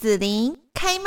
子琳開麥，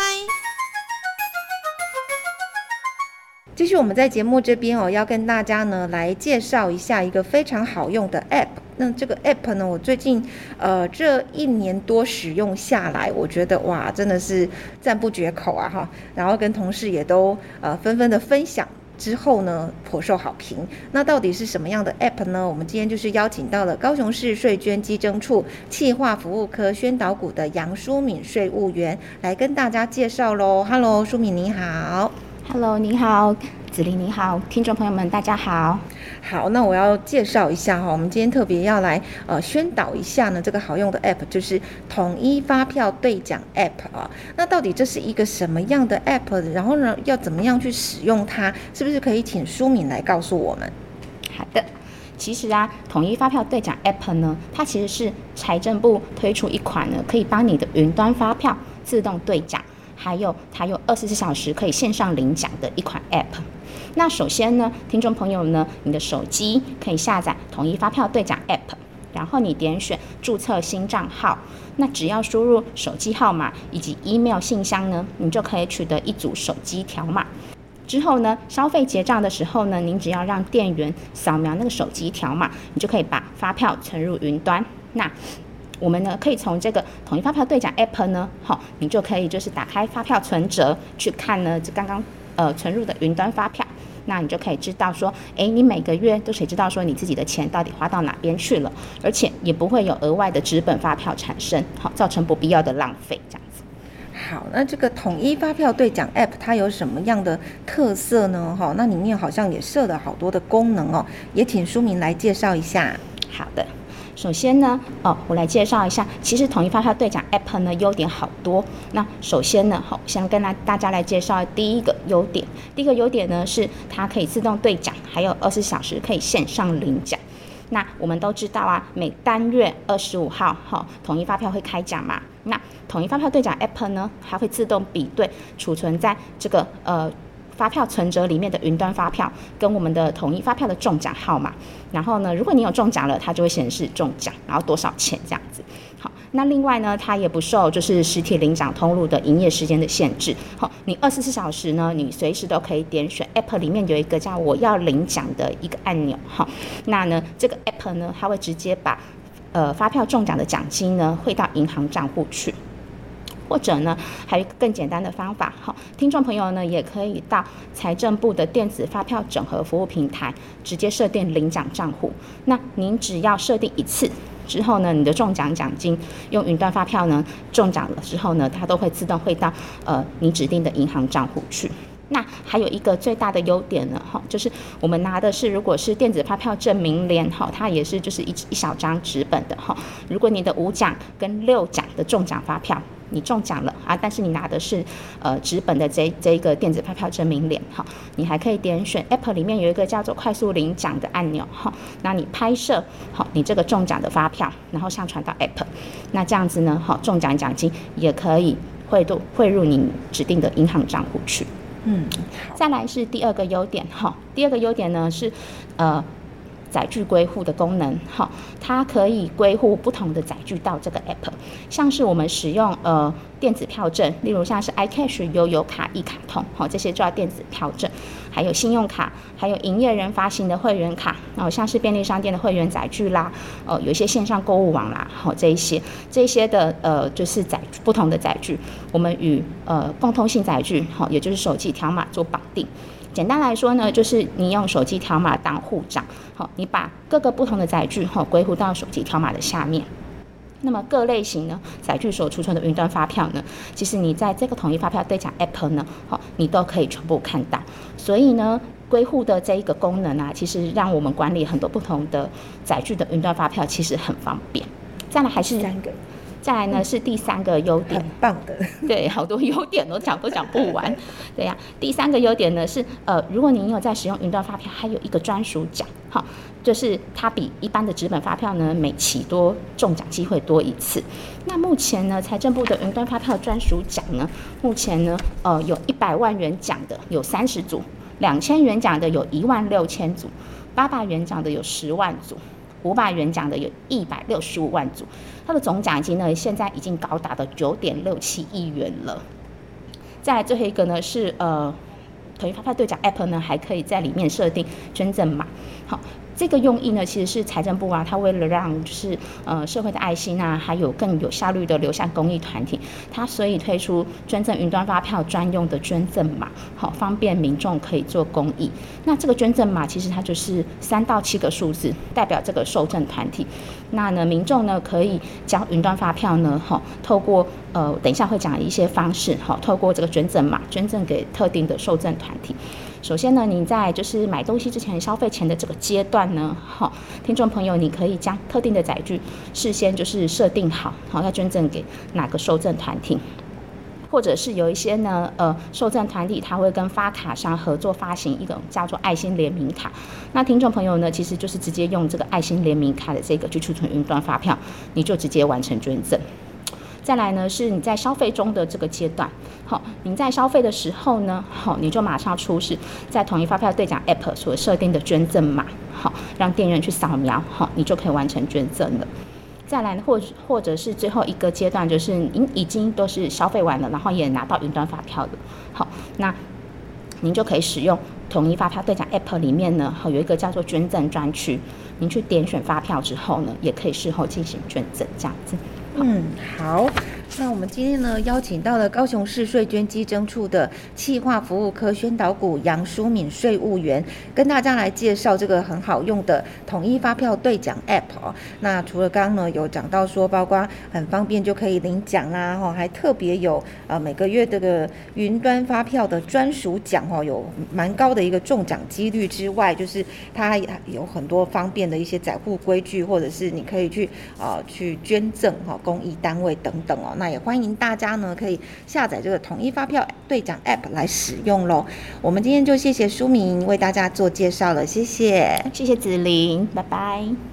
繼續我們在節目這邊哦，要跟大家呢來介紹一下一個非常好用的 app。那這個 app 呢，我最近呃這一年多使用下來，我覺得哇，真的是讚不絕口啊哈，然後跟同事也都呃紛紛的分享。之後呢，頗受好評。那到底是什麼樣的 App 呢？我們今天就是邀請到了高雄市稅捐稽徵處企劃服務科宣導股的楊舒閔稅務員來跟大家介紹嘍。Hello，舒閔你好。Hello，你好。子林你好，聽眾朋友們大家好，好，那我要介紹一下哈，我們今天特別要來呃宣導一下呢，這個好用的 App 就是統一發票兌獎 App 啊。那到底這是一個什麼樣的 App？然後呢，要怎麼樣去使用它？是不是可以請舒敏來告訴我們？好的，其實啊，統一發票兌獎 App 呢，它其實是財政部推出一款呢，可以幫你的雲端發票自動兌獎，還有它有二十四小時可以線上領獎的一款 App。那首先呢，聽眾朋友呢，你的手機可以下載統一發票兌獎 APP，然後你點選註冊新賬號。那只要輸入手機號碼以及 email 信箱呢，你就可以取得一組手機條碼。之後呢，消費結賬的時候呢，您只要讓店員掃描那個手機條碼，你就可以把發票存入雲端。那我們呢，可以從這個統一發票兌獎 APP 呢，好，你就可以就是打開發票存摺去看呢，這剛剛呃存入的雲端發票。那你就可以知道說，哎，你每個月都誰知道說你自己的錢到底花到哪邊去了，而且也不會有額外的紙本發票產生，好，造成不必要的浪費這樣子。好，那這個統一發票兌獎 App 它有什麼樣的特色呢？哈，那裡面好像也設了好多的功能哦，也請舒閔來介紹一下。好的。首先呢，哦，我來介紹一下，其實統一發票兌獎 APP 呢，優點好多。那首先呢，好，先跟大大家來介紹第一個優點。第一個優點呢，是它可以自動兌獎，還有二十四小時可以線上領獎。那我們都知道啊，每單月二十五號，哈、哦，統一發票會開獎嘛。那統一發票兌獎 APP 呢，它會自動比對儲存在這個呃。發票存摺裡面的雲端發票跟我們的統一發票的中獎號碼，然後呢，如果你有中獎了，它就會顯示中獎，然後多少錢這樣子。好，那另外呢，它也不受就是實體領獎通路的營業時間的限制。好，你二十四小時呢，你隨時都可以點選 App 裡面有一個叫“我要領獎”的一個按鈕。好，那呢，這個 App 呢，它會直接把呃發票中獎的獎金呢匯到銀行賬戶去。或者呢，還有一個更簡單的方法哈，聽眾朋友呢也可以到財政部的電子發票整合服務平台直接設定領獎賬戶。那您只要設定一次之後呢，你的中獎獎金用雲端發票呢中獎了之後呢，它都會自動匯到呃你指定的銀行賬戶去。那還有一個最大的優點呢哈，就是我們拿的是，如果是電子發票證明聯，它也是就是一一小張紙本的哈。如果你的五獎跟六獎的中獎發票。你中獎了啊！但是你拿的是，呃，紙本的這這一個電子發票證明聯。哈、哦，你還可以點選 App 裡面有一個叫做“快速領獎”的按鈕哈。那、哦、你拍攝好、哦、你這個中獎的發票，然後上傳到 App，那這樣子呢哈、哦，中獎獎金也可以匯入匯入你指定的銀行賬戶去。嗯，再來是第二個優點哈、哦，第二個優點呢是，呃。載具歸戶的功能，好，它可以歸戶不同的載具到這個 app，像是我們使用呃電子票證，例如像是 iCash、悠游卡、一卡通，好、哦，這些叫電子票證，還有信用卡，還有營業人發行的會員卡，然後像是便利商店的會員載具啦，呃、有一些線上購物網啦，好、哦，這一些，這些的呃就是載不同的載具，我們與呃共通性載具，好、哦，也就是手機條碼做綁定。簡單來說呢，就是你用手機條碼當戶長，好，你把各個不同的載具好歸戶到手機條碼的下面。那麼各類型呢載具所儲存的雲端發票呢，其實你在這個統一發票兌獎 APP 呢，好，你都可以全部看到。所以呢，歸戶的這一個功能啊，其實讓我們管理很多不同的載具的雲端發票，其實很方便。再來還是另一個。再來呢，是第三個優點、嗯，很棒的，對，好多優點，我講都講不完，對呀、啊。第三個優點呢是，呃，如果您有在使用雲端發票，還有一個專屬獎，哈，就是它比一般的紙本發票呢，每期多中獎機會多一次。那目前呢，財政部的雲端發票專屬獎呢，目前呢，呃，有一百萬元獎的，的有三十組，兩千元獎的有一萬六千組，八百元獎的有十萬組。五百元獎的有一百六十五萬組，它的總獎金呢，現在已經高達的九點六七億元了。再來最後一個呢是呃，統一發票兌獎 App 呢還可以在裡面設定捐贈碼，好。這個用意呢，其實是財政部啊，他為了讓就是呃社會的愛心啊，還有更有效率的流向公益團體，他所以推出捐贈雲端發票專用的捐贈碼，好方便民眾可以做公益。那這個捐贈碼其實它就是三到七個數字，代表這個受贈團體。那呢民眾呢可以將雲端發票呢，哈，透過呃等一下會講一些方式，哈，透過這個捐贈碼捐贈給特定的受贈團體。首先呢，你在就是買東西之前消費前的這個階段呢，哈，聽眾朋友，你可以將特定的載具事先就是設定好，好，要捐贈給哪個受贈團體，或者是有一些呢，呃，受贈團體他會跟發卡商合作發行一個叫做愛心聯名卡，那聽眾朋友呢，其實就是直接用這個愛心聯名卡的這個去儲存雲端發票，你就直接完成捐贈。再來呢，是你在消費中的這個階段，好，您在消費的時候呢，好，你就馬上出示在統一發票兌獎 APP 所設定的捐贈碼，好，讓店員去掃描，好，你就可以完成捐贈了。再來呢，或或者是最後一個階段，就是您已經都是消費完了，然後也拿到雲端發票了，好，那您就可以使用統一發票兌獎 APP 裡面呢，好，有一個叫做捐贈專區，您去點選發票之後呢，也可以事後進行捐贈，這樣子。嗯、好。那我們今天呢，邀請到了高雄市稅捐稽徵處的企劃服務科宣導股楊舒閔稅務員，跟大家來介紹這個很好用的統一發票兌獎 APP 哦。那除了剛剛呢有講到說，包括很方便就可以領獎啦，吼，還特別有呃每個月這個雲端發票的專屬獎哦，有蠻高的一個中獎幾率之外，就是它有很多方便的一些載具歸戶，或者是你可以去啊去捐贈哈公益單位等等哦。那也歡迎大家呢，可以下載這個統一發票兌獎 App 來使用咯。我們今天就謝謝舒閔為大家做介紹了，謝謝，謝謝子琳，拜拜。